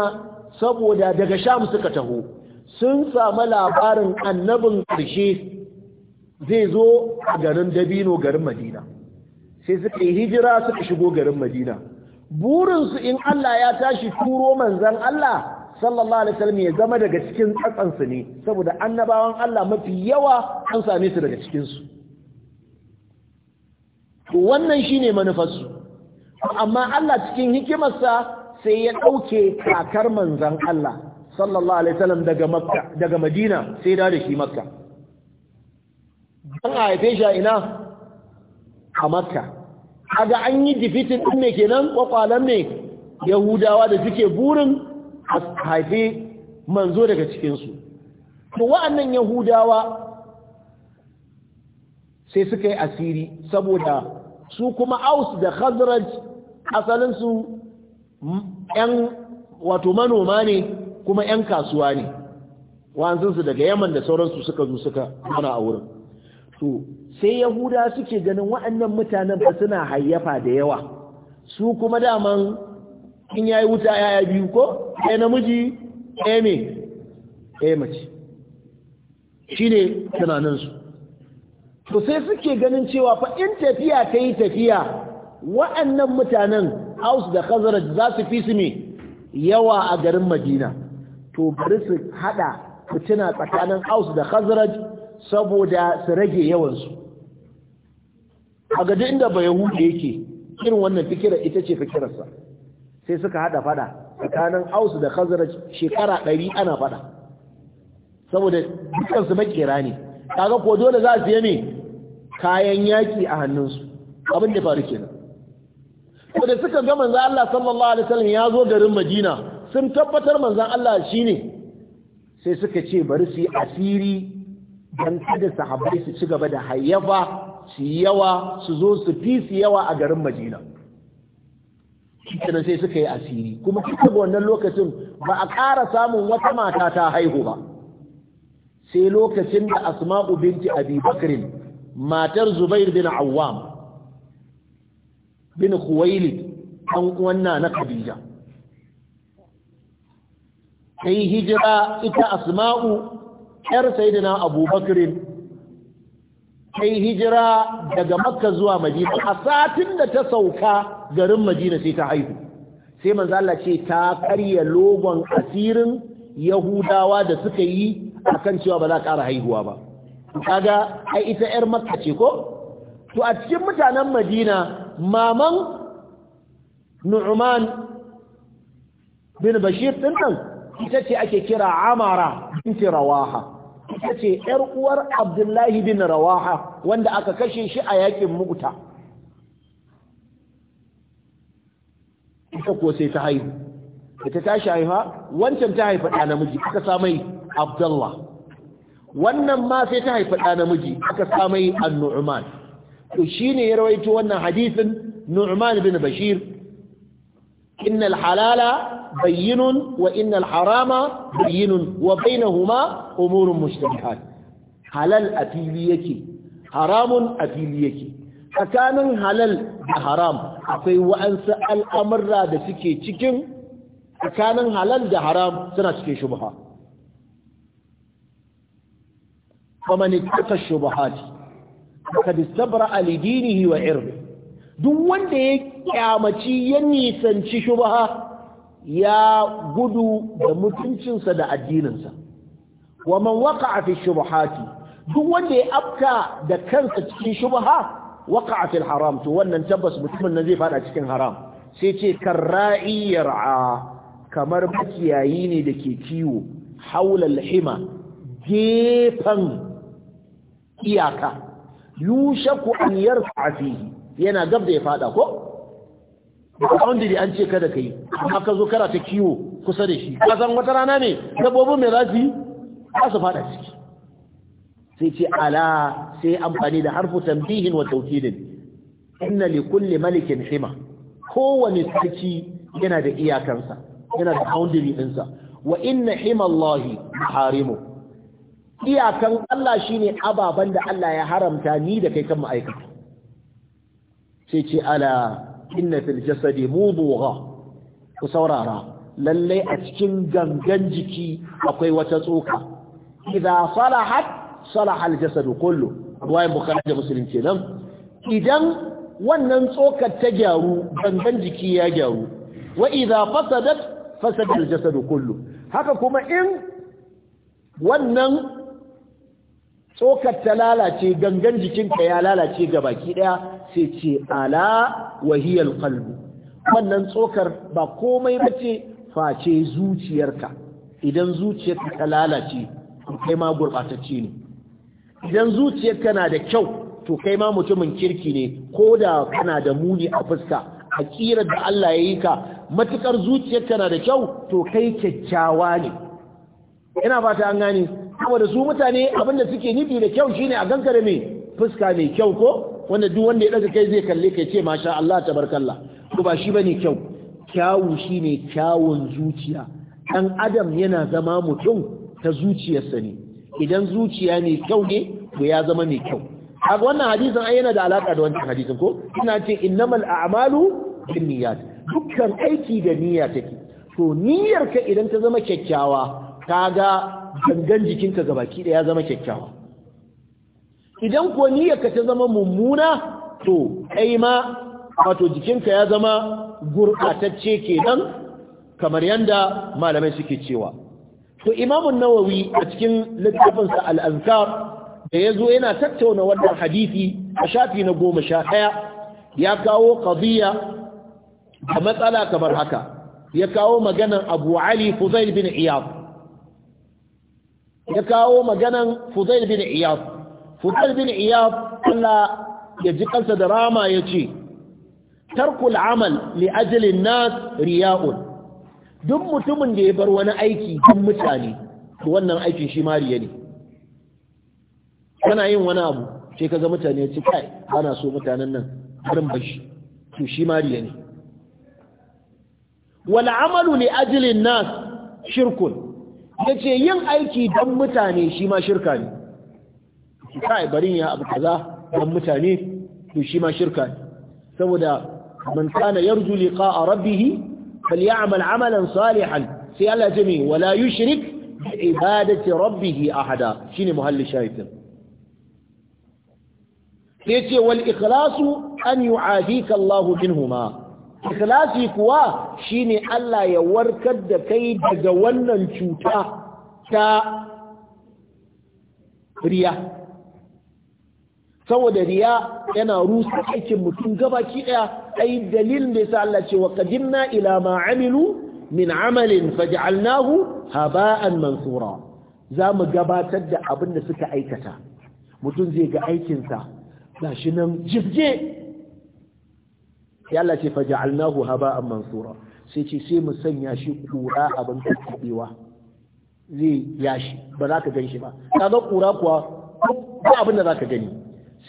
saboda daga sham suka taho sun samu labarin annabin ƙarshe zai zo a garin dabino garin madina sai suka yi hijira suka shigo garin madina burinsu in Allah ya tashi turo manzan Allah sallallahu alaihi wasallam ya zama daga cikin tsatsansu ne saboda annabawan Allah mafi yawa an same su daga cikinsu wannan shine manufarsu amma Allah cikin hikimarsa sai ya ɗauke kakar manzan Allah sallallahu alaihi wasallam daga makka daga madina sai da shi makka an haife shi a ina a makka kaga an yi difitin ɗin ne kenan kwakwalen ne yahudawa da suke burin a haife manzo daga cikinsu to wa'annan yahudawa sai suka yi asiri saboda su kuma aus da khazraj asalinsu ‘yan wato manoma ne kuma ‘yan kasuwa ne wa'ansunsu daga yaman da sauransu suka zo suka mana a wurin to sai yahuda suke ganin wa'annan mutanen ba suna hayyafa da yawa su kuma daman in yayi wuta yaya biyu ko ɗaya namiji ɗaya me ɗaya mace shine tunaninsu to sai suke ganin cewa fa in tafiya ta yi tafiya wa'annan mutanen aus da Khazraj za su fi su me yawa a garin madina to bari su haɗa fitina tsakanin aus da khazaraj saboda su rage yawansu a ga inda bai hude yake irin wannan fikira ita ce fikirarsa sai suka hada fada tsakanin ausu da khazraj shekara ɗari ana fada saboda dukansu makera ne kaga ko dole za su yi kayan yaki a hannunsu abin da faru kenan ko da suka ga manzon Allah sallallahu alaihi wasallam ya zo garin Madina sun tabbatar manzon Allah shine sai suka ce bari su yi asiri don kada sahabbai su ci gaba da hayyafa su yawa su zo su fi su yawa a garin madina kenan sai suka yi asiri kuma kuka wannan lokacin ba a ƙara samun wata mata ta haihu ba sai lokacin da asma'u binti abi bakrin matar zubair bin awwam bin khuwailid an wannan na khadija yi hijira ita asma'u ‘yar sayidina abubakarin ta yi hijira daga makka zuwa madina a satin da ta sauka garin madina sai ta haihu sai manzala ce ta karya logon asirin yahudawa da suka yi a kan cewa ba za ƙara haihuwa ba kaga ai ita 'yar makka ce ko to a cikin mutanen madina maman nu'man bin bashir ɗin nan ita ce ake kira amara binti rawaha ita ce ‘yar uwar Abdullahi bin Rawaha wanda aka kashe shi a yakin Mu'ta. Ita ko sai ta haihu, da ta tashi haifa, wancan ta haifa ɗa namiji aka samai Abdullah. Wannan ma sai ta haifa ɗa namiji aka samai Annu'uman. To shi ne ya rawaito wannan hadisin Nu'uman bin Bashir innal halala bayyinun wa innal harama bayyinun wa bainahuma umurun mushtabihat halal a fili yake haramun a fili yake tsakanin halal da haram akwai wa'ansu al'amurra da suke cikin tsakanin halal da haram suna cikin shubha faman ittaka shubuhati faqad istabra li dinihi wa irdi duk wanda ya kyamaci ya nisanci shubaha ya gudu da mutuncinsa da addininsa wa man waqa'a fi shubuhati duk wanda ya afka da kansa cikin shubaha waqa'a fil haram to wannan tabbas mutumin nan zai fada cikin haram sai ce karra'i yar'a kamar makiyayi ne da ke kiwo haula al-hima gefan iyaka yushaku an yarfa fihi yana gab da ya fada ko boundary an ce kada kai amma ka zo kana ta kiwo kusa da shi ka san wata rana ne dabbobin mai za su yi za su fada ciki sai ce ala sai amfani da harfu tambihin wa taukidin inna li kulli malikin hima kowane sarki yana da iyakansa yana da boundary wa inna hima Allahi harimu iyakan Allah shine ababan da Allah ya haramta ni da kai kan ma'aikata sai ce ala inna fil jasadi mudugha ku saurara lalle a cikin gangan jiki akwai wata tsoka idza salahat salaha al jasadu kullu ruwaya bukhari da muslim kenan idan wannan tsokar ta gyaru gangan jiki ya gyaru wa idza fasadat fasada al jasadu kullu haka kuma in wannan tsokar ta lalace gangan jikinka ya lalace ga baki daya sai ce ala wahiyar qalbu wannan tsokar ba komai bace face zuciyarka idan zuciyarka ta lalace to kai ma gurbatacce ne idan zuciyarka na da kyau to kai ma mutumin kirki ne ko da kana da muni a fuska a ƙirar da Allah ya yi ka matukar zuciyarka na da kyau to kai kyakkyawa ne ina fata an gane saboda su mutane abin da suke nufi da kyau shine a gangare mai fuska mai kyau ko wanda duk wanda ya daga kai zai kalle kai ce masha Allah tabarkallah ko ba shi bane kyau kyawu shine kyawun zuciya dan adam yana zama mutum ta zuciyarsa ne idan zuciya ne kyau ne to ya zama mai kyau a wannan hadisin ai yana da alaka da wancan hadisin ko ina ce innamal a'malu binniyat dukkan aiki da niyya take to niyyarka idan ta zama kyakkyawa ga gangan jikinka gabaki da ya zama kyakkyawa idan kuwa niyyarka ta zama mummuna to ai ma wato jikinka ya zama gurɓatacce kenan kamar yanda malamai suke cewa to imamun nawawi a cikin littafinsa al da ya zo yana tattauna wannan hadisi a shafi na goma sha ɗaya ya kawo ƙaziya da matsala kamar haka ya kawo maganan abu ali fuzail bin Iyab. ya kawo maganan fuzail bin Iyad fuzail bin Iyad Allah ya ji kansa da rama ce tarkul amal li ajli nas riya'un duk mutumin da ya bar wani aiki kan mutane to wannan aikin shi mariya ne kana yin wani abu sai kaga mutane ci kai ana so mutanen nan harin bashi to shi mariya ne wal amalu li ajli nas shirkun ya ce yin aiki don mutane shi ma shirka ne kai barin ya abu kaza don mutane to shi ma shirka ne saboda man kana yarju liqa'a rabbih falyamal amalan salihan sai Allah ya ce wala yushrik bi ibadati rabbih ahada shine muhalli shaytan sai ce wal ikhlasu an yu'adika Allah minhuma ikhlasi kuwa shine Allah ya warkar da kai daga wannan cuta ta riya saboda riya yana rusa aikin mutum gabaki daya ai dalilin da yasa Allah ce wa qadimna ila ma amilu min amalin faj'alnahu haba'an mansura zamu gabatar da abin da suka aikata mutum zai ga aikinsa gashi nan jibje ya Allah ce faja'alnahu haba'an mansura sai ce sai mu sanya shi kura abin kakkabewa zai yashi ba za ka ganshi ba kaga kura kuwa ba abin da za ka gani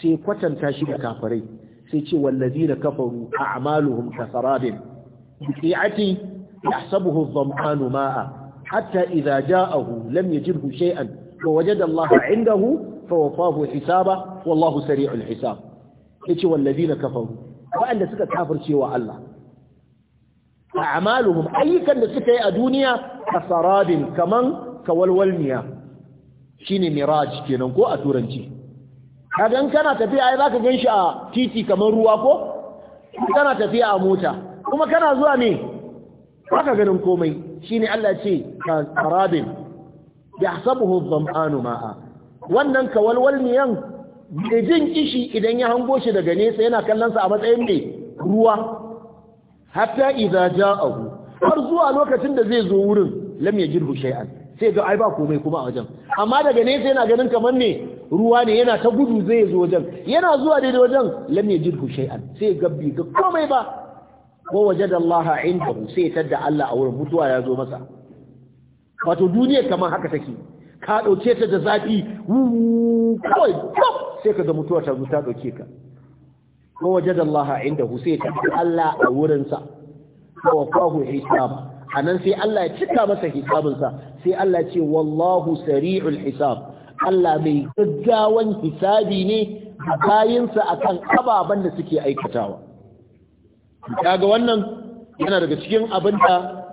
sai kwatanta shi da kafirai sai ce wallazina kafaru a'maluhum kasaradin bi'ati yahsabuhu adh-dhamanu ma'a hatta idza ja'ahu lam yajidhu shay'an wa wajada Allah 'indahu fa wafahu hisaba wallahu sari'ul hisab yace wallazina kafaru waɗanda suka kafirce wa Allah a'maluhum ayyukan da suka yi a duniya kasarabin kaman kawalwalmiya shine miraj kenan ko a turanci kagan kana tafiya ai zaka ganshi a titi kaman ruwa ko kana tafiya a mota kuma kana zuwa ne baka ganin komai shine Allah ce kasarabin yahsabuhu dham'anu ma'a wannan kawalwalmiyan mai jin kishi idan ya hango shi daga nesa yana kallonsa a matsayin mai ruwa hatta idza ja'ahu har zuwa lokacin da zai zo wurin lam yajidhu shay'an sai ga ai ba komai kuma a wajen amma daga nesa yana ganin kamar ne ruwa ne yana ta gudu zai zo wajen yana zuwa da wajen lam yajidhu shay'an sai ga bi ga komai ba wa wajada Allah indahu sai tadda Allah a wurin mutuwa ya zo masa wato duniya kamar haka take ka ɗauke ta da zafi kawai sai ka ga mutuwa ta ta ɗauke ka ko waje da Allah inda hu sai ta Allah a wurinsa ko wafahu hisab a nan sai Allah ya cika masa hisabinsa sai Allah ce wallahu sari'ul hisab Allah mai gaggawan hisabi ne bayinsa akan ababen da suke aikatawa Daga wannan yana daga cikin abin da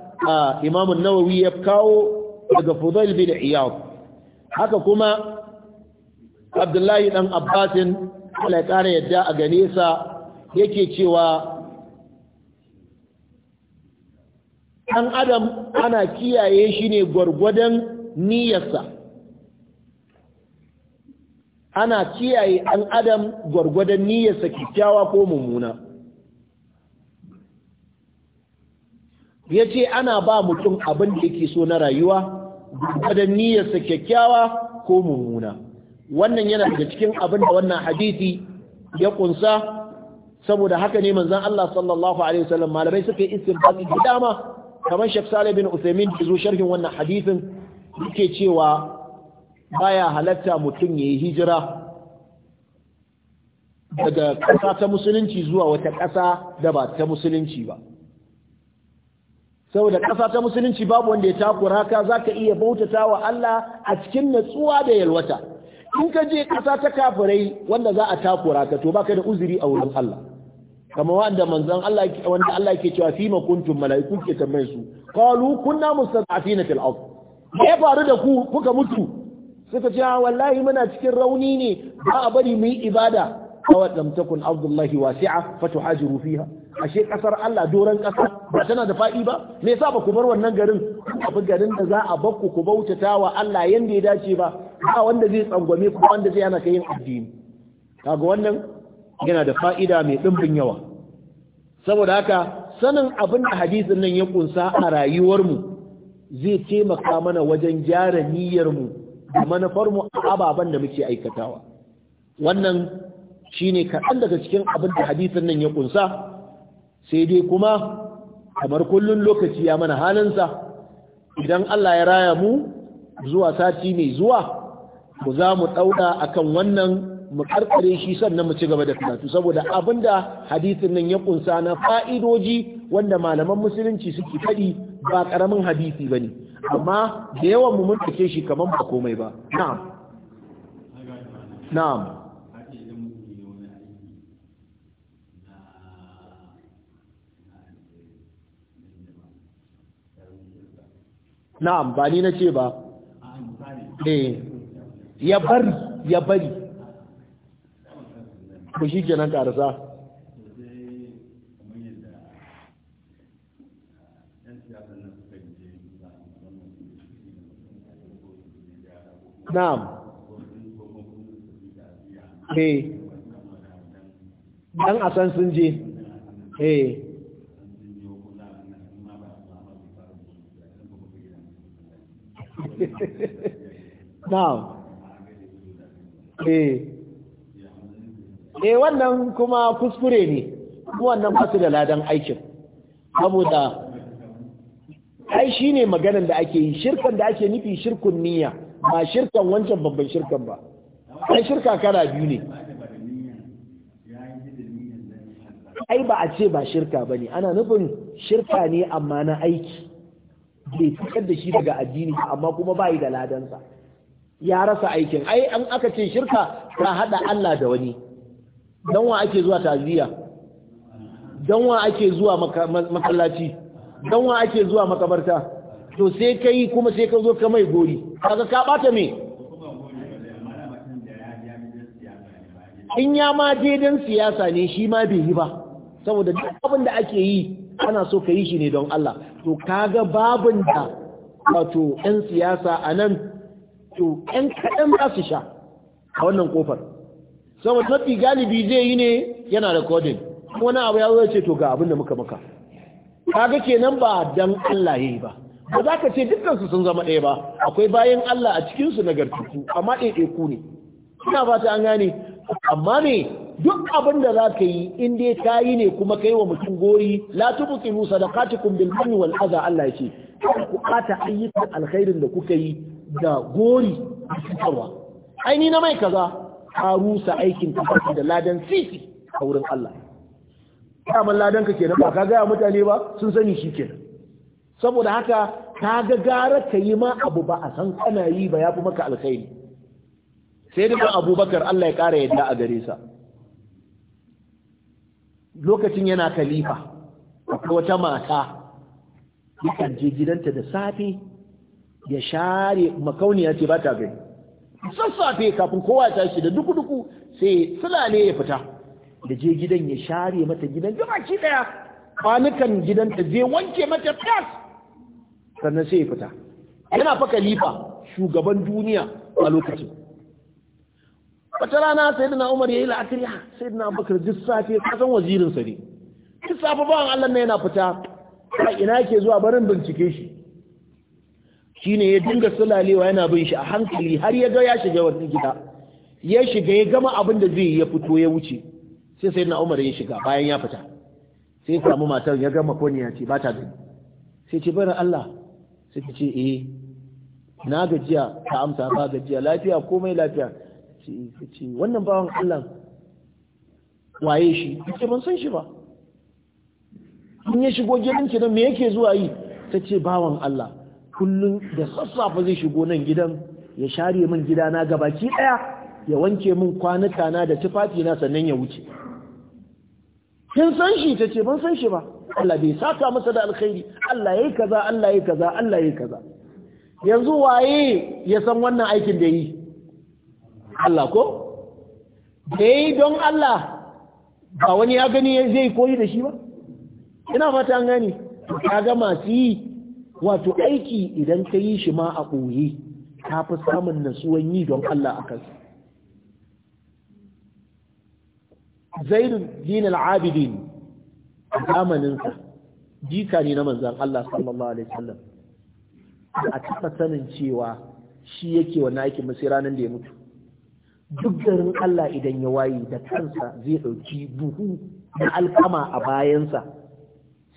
Imam Nawawi ya kawo daga Fudail bin Iyad haka kuma abdullahi dan abbasin Allah ya yadda a gane sa yake cewa ɗan adam ana kiyaye shi ne gwargwadon niyyarsa ana kiyaye ɗan adam gwargwadon niyyarsa kyakkyawa ko mummuna ya ce ana ba mutum abin da yake so na rayuwa gwargwadon niyyarsa kyakkyawa ko mumuna. wannan yana daga cikin abin da wannan hadisi ya kunsa saboda haka ne manzon Allah sallallahu alaihi wasallam malamai suka yi istinbati da dama kamar Sheikh Saleh bin Uthaymeen da zo sharhin wannan hadisin yake cewa baya halatta mutum yayi hijira daga kasa ta musulunci zuwa wata ƙasa da ba ta musulunci ba saboda ƙasa ta musulunci babu wanda ya takura ka za ka iya bautata wa Allah a cikin natsuwa da yalwata in ka je ƙasa ta kafirai wanda za a takura ka to baka da uzuri a wurin Allah Kamar wanda manzon Allah wanda Allah ke cewa fi ma malaiku ke tambayar su qalu kunna mustad'afina fil ard ya faru da ku kuka mutu suka ce ah, wallahi muna cikin rauni ne ba a bari mu yi ibada aw lam takun ardullahi wasi'a fatuhajiru fiha ashe kasar Allah doron kasa ba tana da faɗi ba me yasa ba ku bar wannan garin abu garin da za a bakku ku bautata wa Allah yanda ya dace ba ba wanda zai tsangwame ku wanda zai kai yin addini kaga wannan yana da fa'ida mai dimbin yawa saboda haka sanin abin da hadisin nan ya kunsa a rayuwar mu zai taimaka mana wajen gyara niyyar mu da manufar mu a ababen da muke aikatawa wannan shine kaɗan daga cikin abin da hadisin nan ya kunsa sai dai kuma kamar kullun lokaci ya mana halinsa idan Allah ya raya mu zuwa sati mai zuwa mu za mu ɗauɗa kan wannan mu ƙarƙare shi sannan mu ci gaba da karatu saboda abin da hadisin nan ya ƙunsa na fa'idoji wanda malaman musulunci suke faɗi ba ƙaramin hadisi ba ne. amma da yawan mu mun shi kamar ba komai ba na'am na'am na'am ba ni na ce ba eh ya bari ya bari ku shi kenan karasa na'am eh dan asan sun je eh Now, eh eh wannan kuma kuskure ne wannan ba da ladan aikin saboda ai shine maganar da ake yi shirkan da ake nufi shirkun niyya ba shirkan wancan babban shirkan ba ai shirka kara biyu ne ai ba a ce ba shirka bane ana nufin shirka ne amma na aiki bai fitar da shi daga addini amma kuma bayi da ladansa ya rasa aikin ai an aka ce shirka ta hada Allah da wani dan wa ake zuwa ta'ziya dan wa ake zuwa masallaci dan wa ake zuwa makabarta to sai kai kuma sai ka zo ka mai gori kaga ka bata me in ya ma daidan siyasa ne shi ma bai yi ba saboda duk abin da ake yi ana so ka yi shi ne don Allah to kaga babin da wato 'yan siyasa a nan to 'yan kaɗan ba su sha a wannan kofar ta mafi galibi zai yi ne yana rikodin wani abu ya zo ce to ga abin da muka maka kaga kenan ba dan Allah yayi ba ba za ka ce dukkan sun zama ɗaya ba akwai bayan Allah a cikin su nagartattu amma ɗaiɗaiku ne ina fata an gane amma ne duk abin da za ka yi in dai ka yi ne kuma kai wa mutum gori la tubtilu sadaqatukum bil manni wal aza Allah ya ce ku ata ayyukan alkhairin da kuka yi da gori cikarwa ai ni na mai kaza ka rusa aikin ka da ladan sisi a wurin Allah kamar ladan ka kenan ba ka ga mutane ba sun sani shi kenan saboda haka ka ga gara ka yi ma abu ba a san kana yi ba ya fi maka alkhairi sai da abubakar Allah ya ƙara yadda a gare sa lokacin yana kalifa akwai wata mata yakan je gidanta da safe ya share makauniya ce ba ta gani sassafe kafin kowa ta shi da duku-duku sai sulale ya fita da je gidan ya share mata gidan gabaki daya kwanukan gidanta zai wanke mata fiyas sannan sai ya fita yana fa kalifa shugaban duniya a lokacin wata rana na Umar yayi la'akari ah, sayyidina Abubakar duk safe ka kasan wazirin sa ne duk ba'an bawan Allah yana fita ina yake zuwa barin bincike shi ne ya dinga sulalewa yana bin shi a hankali har ya ga ya shiga wani gida ya shiga ya gama abin da zai ya fito ya wuce sai na Umar ya shiga bayan ya fita sai ya samu matar ya gama ya ce ba ta gani sai ce bari Allah sai ta ce eh na gajiya ta amsa ba gajiya lafiya komai lafiya Eh, ce wannan bawan Allah waye shi ce ban san shi ba in ya shigo gidan ki me yake zuwa yi tace bawan Allah kullum da sassafe zai shigo nan gidan ya share min gidana gabaki daya ya wanke min kwanuka na da tufafi na sannan ya wuce kin san shi ta ban san shi ba Allah bai saka masa da alkhairi Allah yayi kaza Allah yayi kaza Allah yayi kaza yanzu waye ya san wannan aikin da yi Allah ko da yi don Allah ba wani ya gani zai koyi da shi ba ina fata an gani ka ga masu yi wato aiki idan ka yi shi ma a ɓoye ta fi samun nasuwan yi don Allah a kansu zainuddin al'abidin zamaninsa jika ne na manzan Allah sallallahu alaihi wasallam a taɓa sanin cewa shi yake wani aiki masu ranar da ya mutu duk garin Allah idan ya waye da kansa zai ɗauki buhu na alkama a bayansa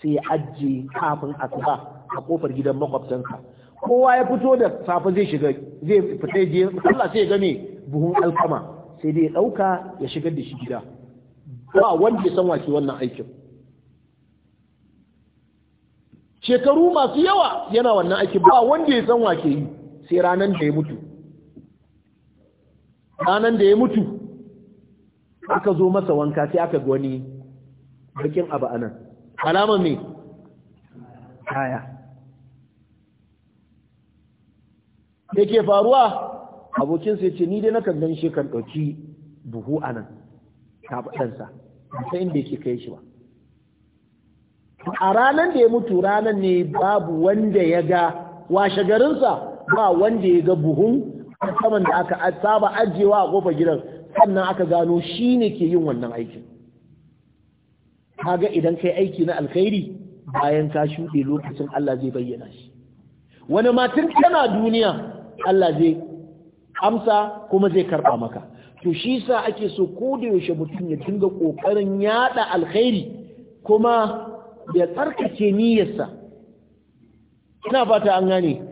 sai ya ajiye kafin asuba a kofar gidan makwabtanka kowa ya fito da safe zai shiga zai fita je Allah sai ya game buhun alkama sai dai ya ɗauka ya shigar da shi gida ba wanda ya san wace wannan aikin shekaru masu yawa yana wannan aikin ba wanda ya san wace yi sai ranar da ya mutu ranan da ya mutu aka zo masa wanka sai aka gwani bakin abu a anan alama mai kaya ke faruwa abokinsa ya ce ni dai nakan gan shekar kan ɗauki buhu anan kafaɗansa ta inda ke kai shi ba a ranan da ya mutu ranar ne babu wanda ya ga washe garinsa ba wanda ya ga buhun saman da aka saba ajiyewa a kofar gidan sannan aka gano shi ne ke yin wannan aikin kaga idan kai aiki na alkhairi bayan ka shuɗe lokacin Allah zai bayyana shi wani matin tana duniya Allah zai amsa kuma zai karɓa maka to shi sa ake so ko da yaushe mutum ya dinga ƙoƙarin yada alkhairi kuma ya tsarkake niyyarsa ina fata an gane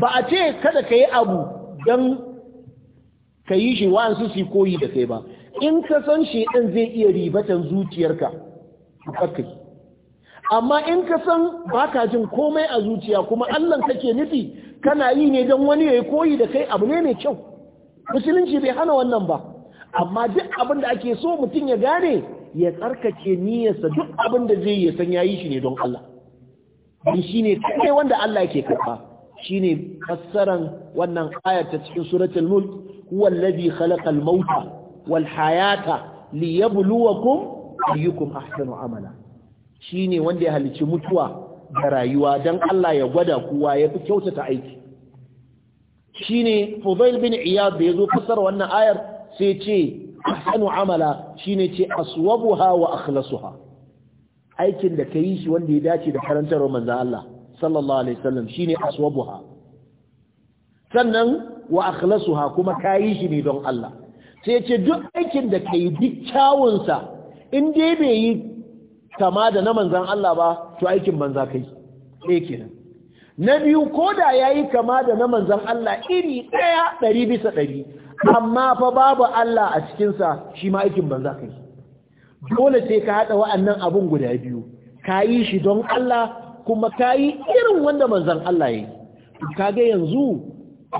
ba a ce kada ka yi abu don ka yi shi wa'ansu su koyi da kai ba in ka san shi ɗin zai iya ribatan zuciyarka ka yi amma in ka san ba ka jin komai a zuciya kuma allon kake nufi kana yi ne don wani ya yi koyi da kai abu ne mai kyau musulunci bai hana wannan ba amma duk abin da ake so mutum ya gane ya tsarkake niyyarsa duk abin da zai yi ya san ya yi shi ne don Allah don shi ne kai wanda Allah ke karɓa shine fassaran wannan ayar ta cikin suratul mulk huwa allazi khalaqal mauta wal hayata liyabluwakum ayyukum ahsanu amala shine wanda ya halarci mutuwa da rayuwa dan Allah ya gwada kowa ya fi kyautata aiki shine Fudail bin Iyad da yazo fassara wannan ayar sai ce ahsanu amala shine ce aswabuha wa akhlasuha aikin da yi shi wanda ya dace da karantar manzon Allah sallallahu alaihi wasallam shine aswabuha sannan wa akhlasuha kuma kayi shi ne don Allah sai ce duk aikin da kai duk kyawun sa in dai bai yi kama da na manzon Allah ba to aikin banza kai eh kenan na biyu koda yayi kama da na manzon Allah iri daya 100 bisa 100 amma fa babu Allah a cikin sa shi ma aikin banza kai dole sai ka hada wa'annan abun guda biyu kayi shi don Allah kuma ka yi irin wanda manzan Allah ya yi kaga yanzu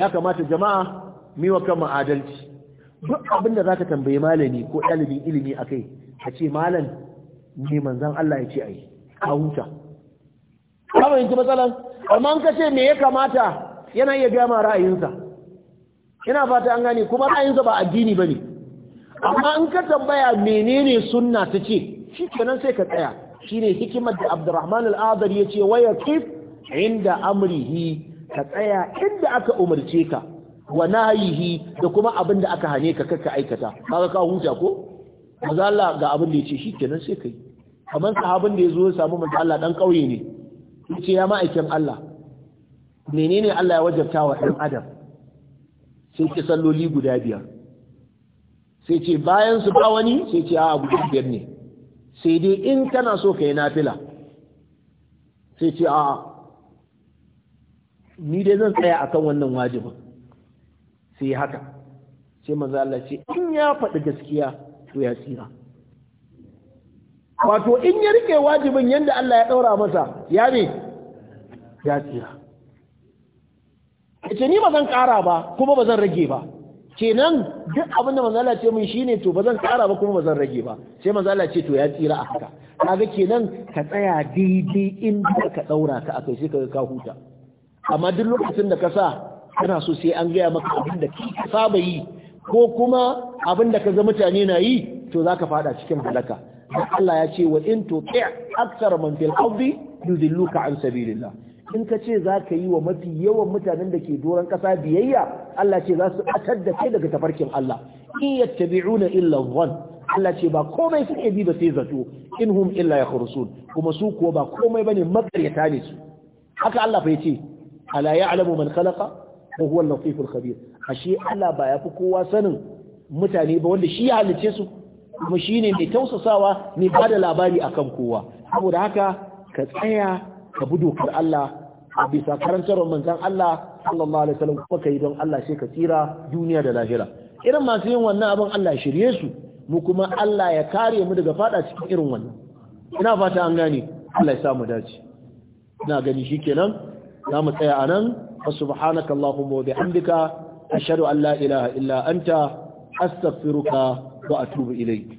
ya kamata jama'a miwa kama adalci duk abin da za ka tambayi malami ko ɗalibin ilimi a kai a ce malam ne manzan Allah ya ce a yi a huta kama yanki matsalan amma an kace me ya kamata yana iya gama ra'ayinsa ina fata an gane kuma ra'ayinsa ba addini ba ne amma in ka tambaya menene sunna ta ce shi kenan sai ka tsaya shine hikimar da Abdurrahman al ya ce waya kif inda amrihi ka tsaya inda aka umarce ka wa nahihi da kuma abin da aka hane ka kaka aikata kaga ka huta ko manzo Allah ga abin da yace shikenan sai kai kamar sahabin da yazo ya samu manzo Allah dan kauye ne yace ya ma'aikin Allah menene Allah ya wajabta wa ɗan adam sai ce salloli guda biyar sai ce bayan su ba wani sai ce a guda biyar ne sai dai in kana so ka yi nafila sai ce a ni dai zan tsaya akan wannan wajibin sai haka sai manzo Allah ce in ya faɗi gaskiya to ya tsira wato in ya rike wajibin yadda Allah ya ɗaura masa ya ne ya tsira ya ce ni ba zan ƙara ba kuma ba zan rage ba kenan duk abin da manzala ce min shine to ba zan kara ba kuma ba zan rage ba sai manzala ce to ya tsira a haka kaga kenan ka tsaya daidai inda ka daura ka akai sai kaga ka huta amma duk lokacin da ka sa kana so sai an gaya maka abin da ka saba yi ko kuma abin da ka ga mutane na yi to zaka fada cikin halaka Allah ya ce wa in tuti aksar man fil ardi yudilluka an sabilillah in ka ce za ka yi wa mafi yawan mutanen da ke doron ƙasa biyayya Allah ce za su ɓatar da kai daga tafarkin Allah in yattabi'una illa dhann Allah ce ba komai suke bi ba sai zato in hum illa yakhrusun kuma su kuwa ba komai bane makaryata ne su haka Allah fa yace ala ya'lamu man khalaqa wa huwa al-latiful khabir ashe Allah ba fi kowa sanin mutane ba wanda shi ya halice su kuma shine mai tausasawa ne ba da labari akan kowa saboda haka ka tsaya ka bi dokar Allah a bisa karantar manzon Allah sallallahu alaihi wasallam kuma kai don Allah sai ka tsira duniya da lahira irin masu yin wannan abin Allah ya shirye su mu kuma Allah ya kare mu daga fada cikin irin wannan ina fata an gane Allah ya samu dace ina gani shikenan za mu tsaya anan wa subhanaka allahumma wa bihamdika ashhadu an la ilaha illa anta astaghfiruka wa atubu ilayk